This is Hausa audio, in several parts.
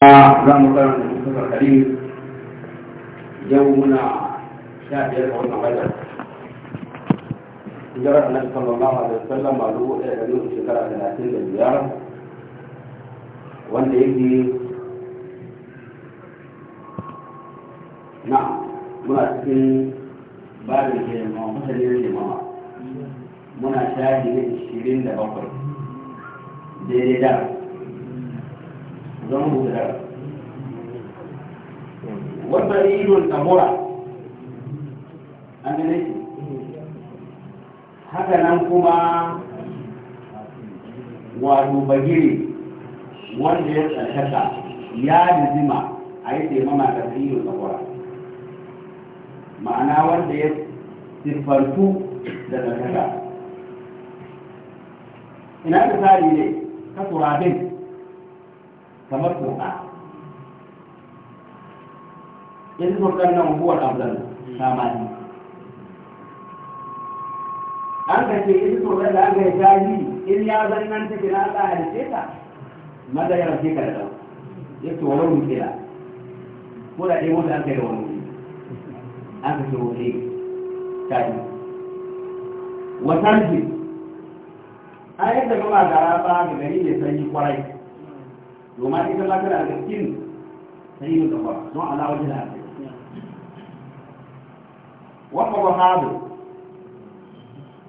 za mu karanta musamman muna sha ba da nufin shekara talatin da biyar wanda yake na muna cikin babin jemawa mutanen muna shahi na da bakwai daidai da zama guda wanda idon amura an gane shi haka nan kuma wato bagiri wanda ya tsarkaka ya nizima a yi taimama da tsiro tsakura ma'ana wanda ya siffantu da tsarkaka ina da misali ne ka turabin kamar toka yanzu tokan nan huwa abdal samani an ka ce yanzu tokan da aka yi jahili in ya zan nan take na Allah halice ta maza ya rafe ka da dau ya ce walau mu kira ko da ɗaya mota aka yi da wani An aka ce ta yi. wasan ji an yadda kuma gara ba ga gari mai sanyi kwarai domin ita ba tana da cikin sai yin gaba don alawar jina ce wanda ba hadu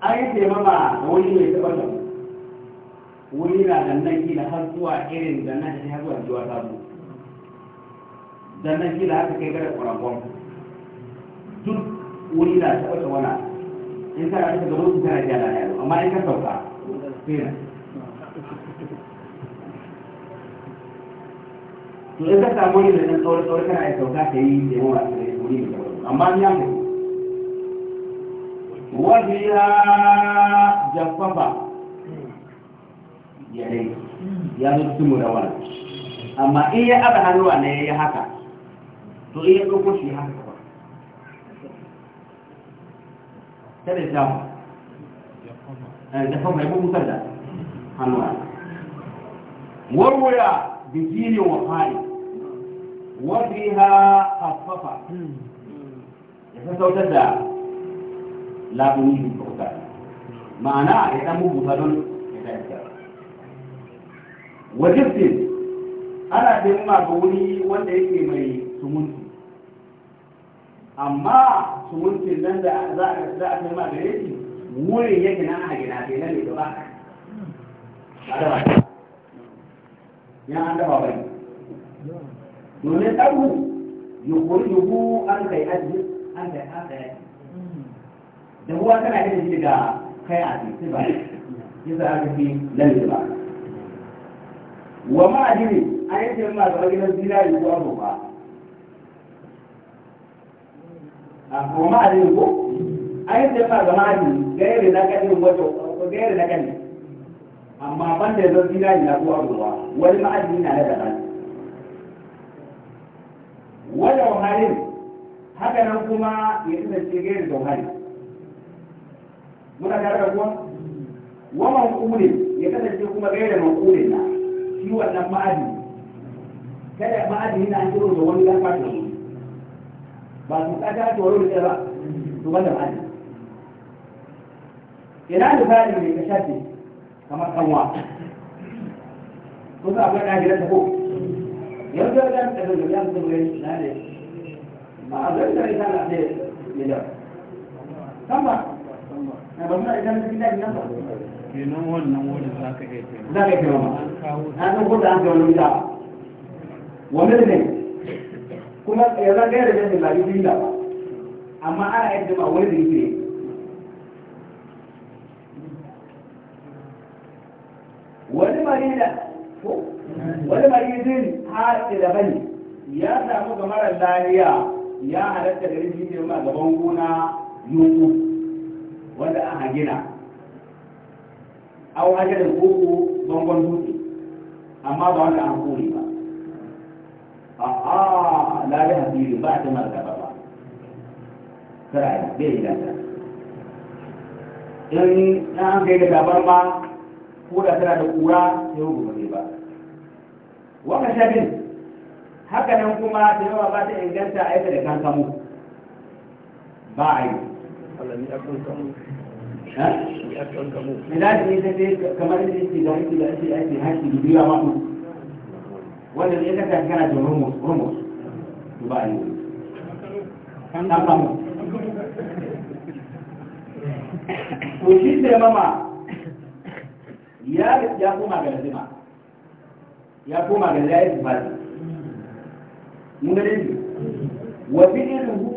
an yi taimama da wani mai taɓa da wuri na da nan gina har zuwa irin da nan da har zuwa jiwa ta zo da nan gina haka kai gara ƙwararwan duk wuri na taɓa da wana in kana da gaban su kana jana yaro amma in ka sauka sai na to in ka samu tsawar tsawar kana ya sauka ka yi da yawa da ya amma ni an wajiha ya dai ya zo cikin da wani amma in ya aba hannuwa ya haka to in ya haka kada ya samu eh, jaffafa ya kuma da hannuwa warwaya da wa وفيها خففة يسوت دا لا بني بكوتا معنى يتمو بطل وجبت ana dimma ga wuri wanda yake mai sumunti amma sumuntin nan da za a ya gare shi wurin yake nan a gina bai nan da ba a ya an bai domin ɗaru yukuri yuku an kai aji an kai an ya ce da kuwa tana da shi daga kai a ce ba ya sa aka fi lalle ba wa ne a yi ce ma zama gidan zinari ko abu ba ah, wa ne ko a yi ce ma ga ma'adini da na kanin wato gairi na kanin amma ban da zira zinari na ko ba wani ma'adini na da daban walau halin haka nan kuma ya kasance gairin da hali muna tare da kuwa wa manqulin ya kasance kuma da manqulin na shi wannan ma'adi kada ma'adi yana kiro da wani lafa da ba su kada ta wani da ba su ba da ma'adi ina da fa'idi ne ka shafe kamar kanwa ko za a ga ta ko يرجع لأن تبدو يأخذ ويشن هذه ما أظن إذا نحدث إذا كما ربنا إذا نحدث إذا نحدث kenan wannan wani za ka iya za ka iya kai an ko da an ga wani da wani ne kuma ya za ka yi da jami'in lafi biyu da ba amma ana yadda ma wani da yake wani ba ne da ko wani maridin da bane ya samu ga marar lafiya ya halatta da rufi ne ma gaban gona yuku wanda an A au da koko bangon dutse amma ba wanda an kore ba a'a la da hadiri ba ta martaba ba sarai bai yi lantar in an kai da tabarma ko da tana da kura sai hukumar ba waka shafin haka nan kuma da yawa ba ta inganta a yadda da kankamu ba a yi Milaji ita ce kamar da yake da yake da yake ake haki da biya maku wanda ne ka tafi kana da rumus rumus ba a yi kankamu to shi sai mama ya ya kuma ga lazima ya koma ga ya yi ba mun ga dai wa fi'luhu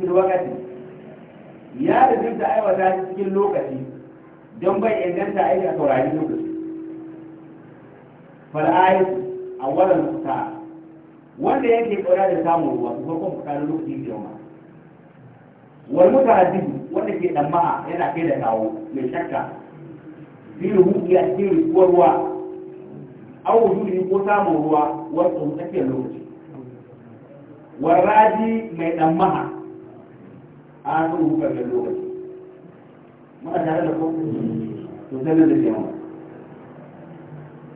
fil waqti ya da duk da aiwata cikin lokaci don bai inganta aiki a saurari lokaci fal'ayi a wannan fita wanda yake kora da samun ruwa su farkon fita na lokaci da yawa wal mutahaddidu wanda ke dan ma'a yana kai da kawo mai shakka fi ruhu ya cikin ruwa au wujudi ko samun ruwa wasu tsakiyar lokaci warraji mai dan maha a kan hukar da lokaci ma tare da ko to zai da jama'a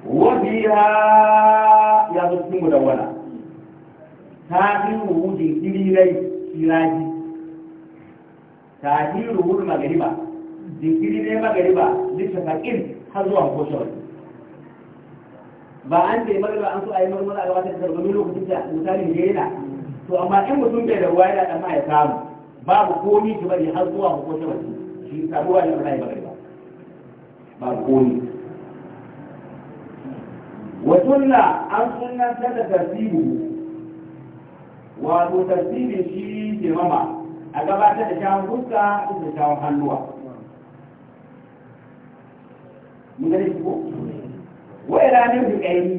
wabiha ya zo cikin mudawwala ta yi wujudin kirirai kiraji ta yi ruhul magariba jinkiri ne magariba duk shafaƙin har zuwa ko shawarci ba an ce magana an so a yi marmara a gabatar da zargami lokacin da misali ne yana to amma in mutum bai da ruwa yana dan ma ya samu babu komi ki bari har zuwa hukuncin wani shi samu wani yana yi magana babu komi wa sunna an sunna ta da tartibu wato tartibin shi ke mama a gabatar da shawon fuska da shawon hannuwa mun gane ko wai ranar dukai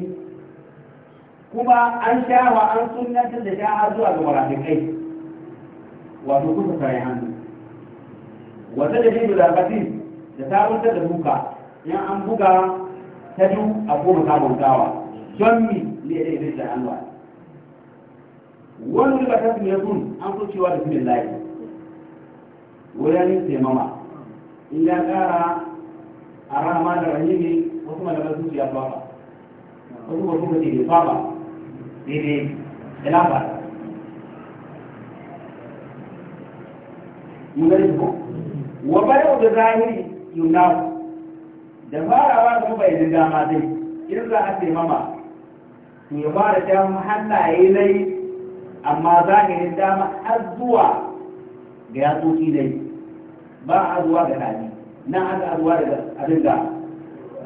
kuma an shawa an sunnatar da shaha zuwa ga marafikai wato kusa kare hannu wata da jibu zarfati da sabuntar da duka in an buga ta ju a koma gawa don mi ne da irin da hannuwa wani riba ta fiye sun an so cewa da filin layi wurin taimama in ya kara a rahama da rahimi wasu malaman sun ya fafa wasu wasu ba ce bai fafa daidai ba mun gani ko wa bayu da zahiri yunafu da farawa kuma bai jin dama dai in za a ce mama to ya fara ta hannaye nai amma zahirin dama har zuwa ga yatsoki dai ba a zuwa ga hali na aka zuwa daga abin da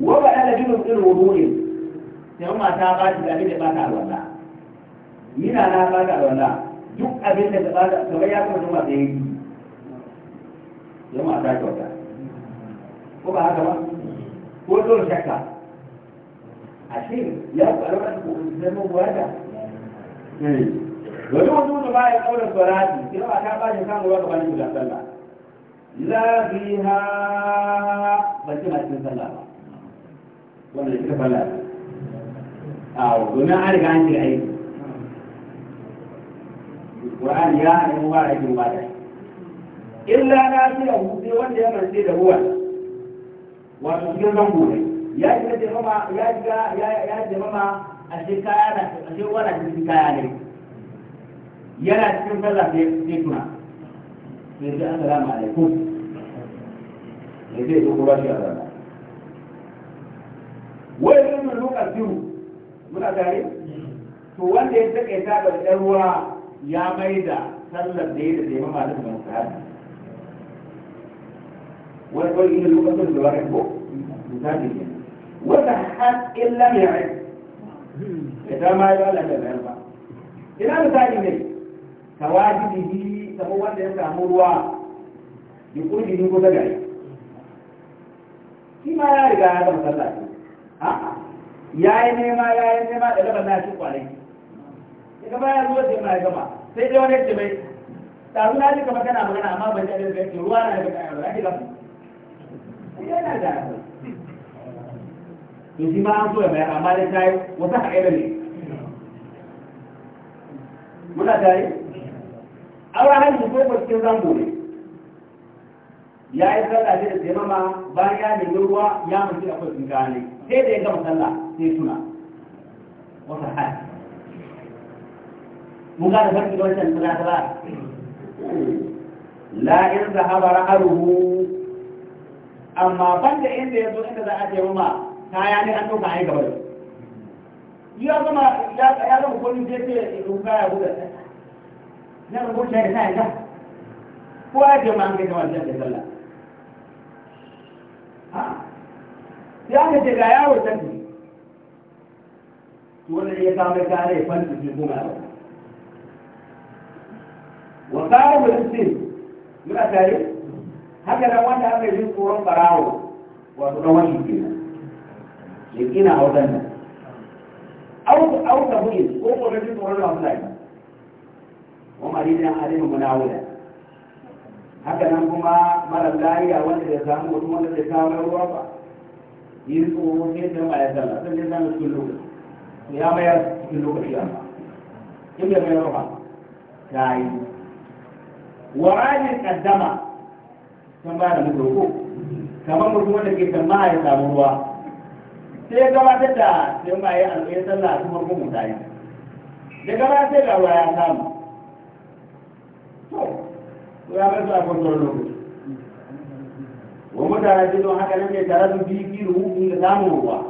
wa ba da jimin irin wudu'in sai mata ba shi da abin da ba ta alwala yana na ba ta alwala duk abin da ta ba ta kamar ya kuma zama da yi zama ta kyauta ko ba haka ba ko don shakka A ashe ya ku alwala ko zama wada eh. wani wani da ba ya kaura sarati sai ba ta bashi shi kan ruwa gabanin da sallah la fiha ba ji ma cikin sallah ba wanda ya kafa la a domin an riga an shiga aiki Qur'an ya hana mu ba aikin ba da illa na fi da hutu wanda ya mance da ruwa wato cikin zango ne ya shiga jemama ya shiga ya jemama a shi kaya na a shi wala cikin kaya ne yana cikin sallah sai tuna sai sai assalamu alaikum ne zai zo ko ba shi azaba wani nuna nuna ziru muna tare to wanda ya take ta da ɗan ruwa ya mai da sallar da ya da zai mama da ban sa wani wani ina lokacin da wani ko misali ne wata har illa mai rai ya ta ma ba Allah da bayar ba ina misali ne tawajibihi kamar wanda ya samu ruwa ya kurbi ni ko ta gari shi ma ya riga ya zama sallah ya yi nema ya yi nema da gaba na shi kwanai daga baya zuwa sai ma ya gama sai dai wani ce mai tafi na ji kamar tana magana amma ban ji da ruwa na daga kayan ruwa ake gafu na da to shi ma an so ya bayar amma dai ta yi wata da ne muna tare awa hajji ko ko cikin zango ne ya yi sallah da taimama bayan ya nemi ruwa ya mutu akwai sun gane sai da ya gama sallah tituna wata hali mun gane farki wancan suna ta ba la in zahaba ra'aruhu amma banda inda ya zo inda za a ce ma kaya ne an ɗauka ai gaba da ya zama ya zama kullum sai ce ruka ya buɗe na rubuta da sa ya ko ya ce ma an kai kamar jan da sallah ya ka ce ga yawon tafi wannan ya kama kare ya fanta shi kuma wa kawo mutum muna tare haka nan wanda aka yi tsoron barawo wato na wani kenan ya kina a wadannan au au ta buɗe ko ko na ji tsoron wasu lai wa maridan alimu muna wuda haka nan kuma mara lafiya wanda ya samu wani wanda ya kawo ruwa ba yi tsoron yadda ma ya sallah sun yi zama cikin lokaci to ya mayar cikin lokaci ya in bai mayar ba ya yi wa rajin kaddama sun ba da mutu ko kamar mutum wanda ke tamba ya samu ruwa sai ya gabatar da sai ma ya alƙayin sallah a cikin hukumu ta yi da gabatar da ruwa ya samu to ya mayar a kwantar lokaci wa mutane don haka nan ne tare da biyu biyu da samun ruwa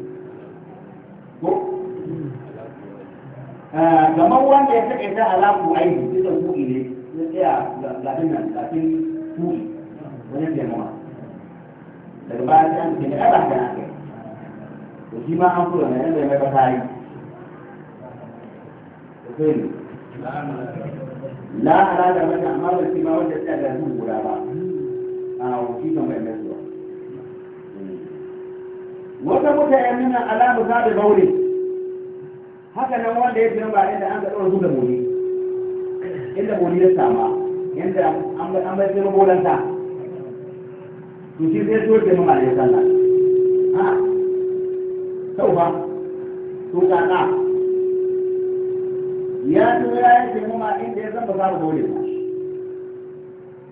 Eh, kamar wanda ya saka ta alamu aiki cikin kuɗi ne ya tsaya lafin nan lafin kuɗi wani jama'a daga baya ta yanzu ne ɗaya ba ta to shi ma an kula na yadda ya mai ta yi to la ala da wani amma ba shi ma wanda ya tsaya da su guda ba a wuce kan bai mai zuwa wata mutane nuna alamu ta da baurin haka nan wanda ya fi inda an boli inda boli ya sama inda an bai sai to shi sai so ke ha sau ba to ya ya mama inda ya ba ba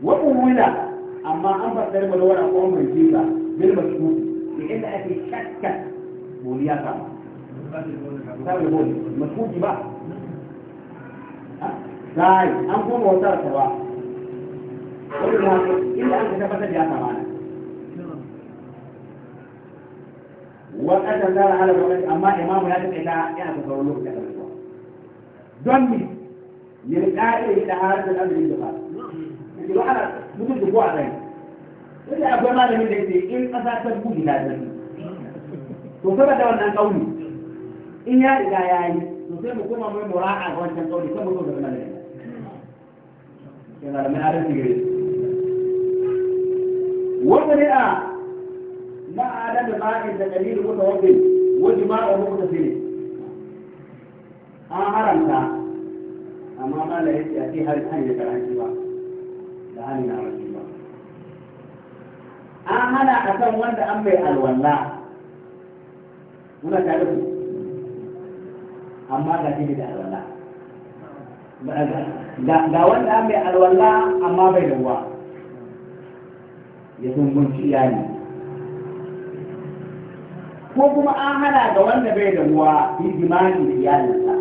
wa amma an fasar malwara ko mai jika bil inda ake shakka sama salimon mafuji ba sai an kuma wata ta ba wani ma inda an ka tabbatar na. kama ta zara hala gwamnati amma imamu ya taɓa ita yana ta sauran lokacin da kuma don ni, ne ƙa'ida da har da ɗan da ba yanzu ba ana mutum da ko a tsaye sai akwai malamin da yake in ƙasa ta buɗe na zai to saboda wannan ƙauni in ya riga ya yi to sai mu koma mai mura'a ga wancan kauli kan mutum da kuma da yana da mai adalci gare wanda ne a na adam da ma'in da dalilin mutu wajen wajen ma'a mutu sai an haramta amma ma da yake a ce har kan da karanci ba da hannun na rashi ba an hana a kan wanda an bai alwala muna tare da amma ga shi da alwala ga wanda mai alwala amma bai da ruwa ya ya iyali ko kuma an hana ga wanda bai da ruwa yi jimani da iyalinsa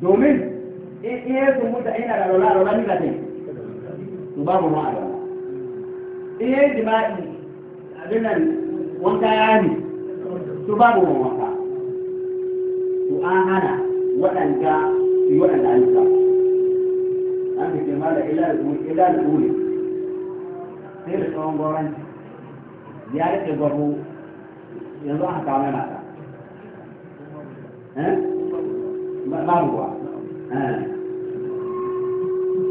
domin in iya sun mutu ina da alwala alwala ni zai ba babu ruwa alwala in iya jima'i abin nan wanka ya ne su babu mamaka to an hana waɗanda su yi waɗanda ayyuka an fi ke mala ila da ɗule sai da tsawon gwaranci ya rike gwaro yanzu aka kawo mai mata babu ba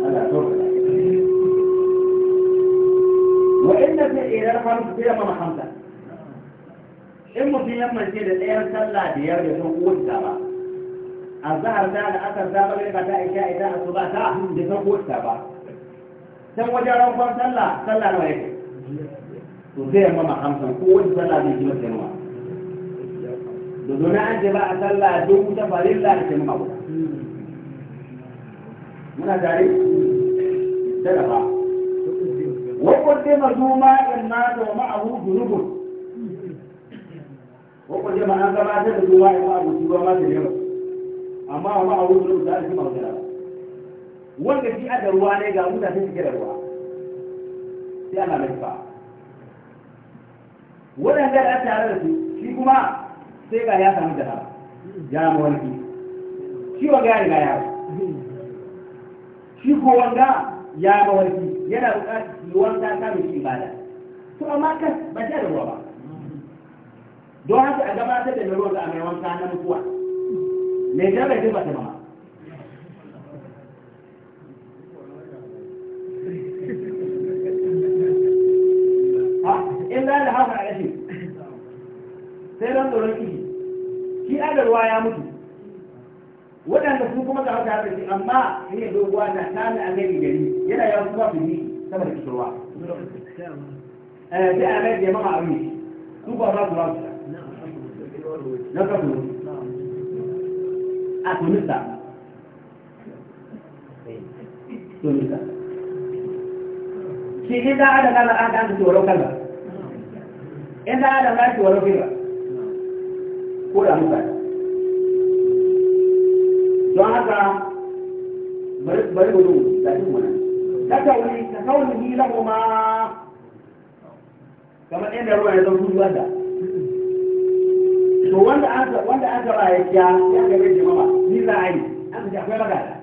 Allah to wa inna fi ila al-khamsa in mutum ya mace da ɗayan sallah biyar da sun kowace ta ba a zahar ta da asar ta magana ta isha ita a su ba ta da sun kowace ta ba can wajen rankon sallah sallah nawa yake to sai yamma ma hamsin kowace sallah zai ji masa yawa da domin an ce ba a sallah duk ta farilla da kemma guda muna tare da ba wa qaddama zuma in ma da ma'ahu junubun wakon jama an gabatar da ruwa ya faru ruwa ma da yawa amma ba a wuce rubuta a cikin magana wanda shi ada ruwa ne ga mutane suke da ruwa sai ana mai fa wannan da aka tare da su shi kuma sai ga ya samu da ya mu wani shi wa ga ya ya shi ko wanga ya mawarki yana buƙatar yiwuwar ta kame shi ibada to amma kas ba ta da ruwa ba don haka a gabatar da ruwa ga mai wanka na mutuwa mai jara ce ba ta mama in za da hafa a rashin sai don tsoron ihi shi adarwa ya mutu waɗanda su kuma ga haka haka amma in yi doguwa na tana a gari gari yana yawon kuma su yi saboda kishirwa eh, sai a mai jama'a a wuri su ba za su ba su lọ́kọ̀tún àtúnìta tónìta shi in da adam kana an da su waro kalma in da adam na su waro kalma ko da muka don haka bari gudu da duk wannan كقوله كقوله لهما كما ان الرؤيا يدور وحده to wanda an wanda an gaba ya ja ya ga bai jama'a ni za a yi an ga akwai magana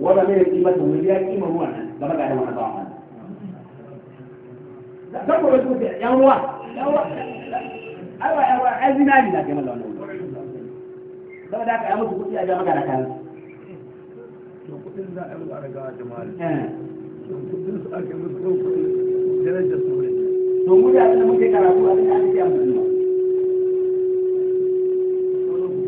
wanda mai kima ta wuri ya kima ruwan nan ga magana wannan ba wannan dan ko su ce yan wa awa awa azinari da kamar wannan da da ka yi musu kudi a ga magana kan kudin za a yi a raga jama'a kudin su ake musu kudin darajar su ne to mu da muke karatu a cikin alƙiyar musulma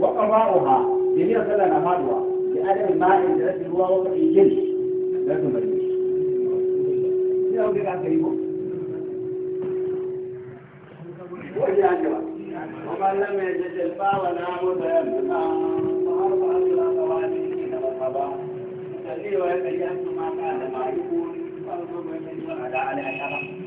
وقضاؤها جميع سلا نفادها لأدم الماء الذي هو وضع وقع الجن لا تمريش إذا أوجد عن ومن لم يجد الفا ولا مدرنا فأربع إلى قوانين والخبا يصلي ويتجهز ما كان ما يقول فارجو من يشرع على أشرف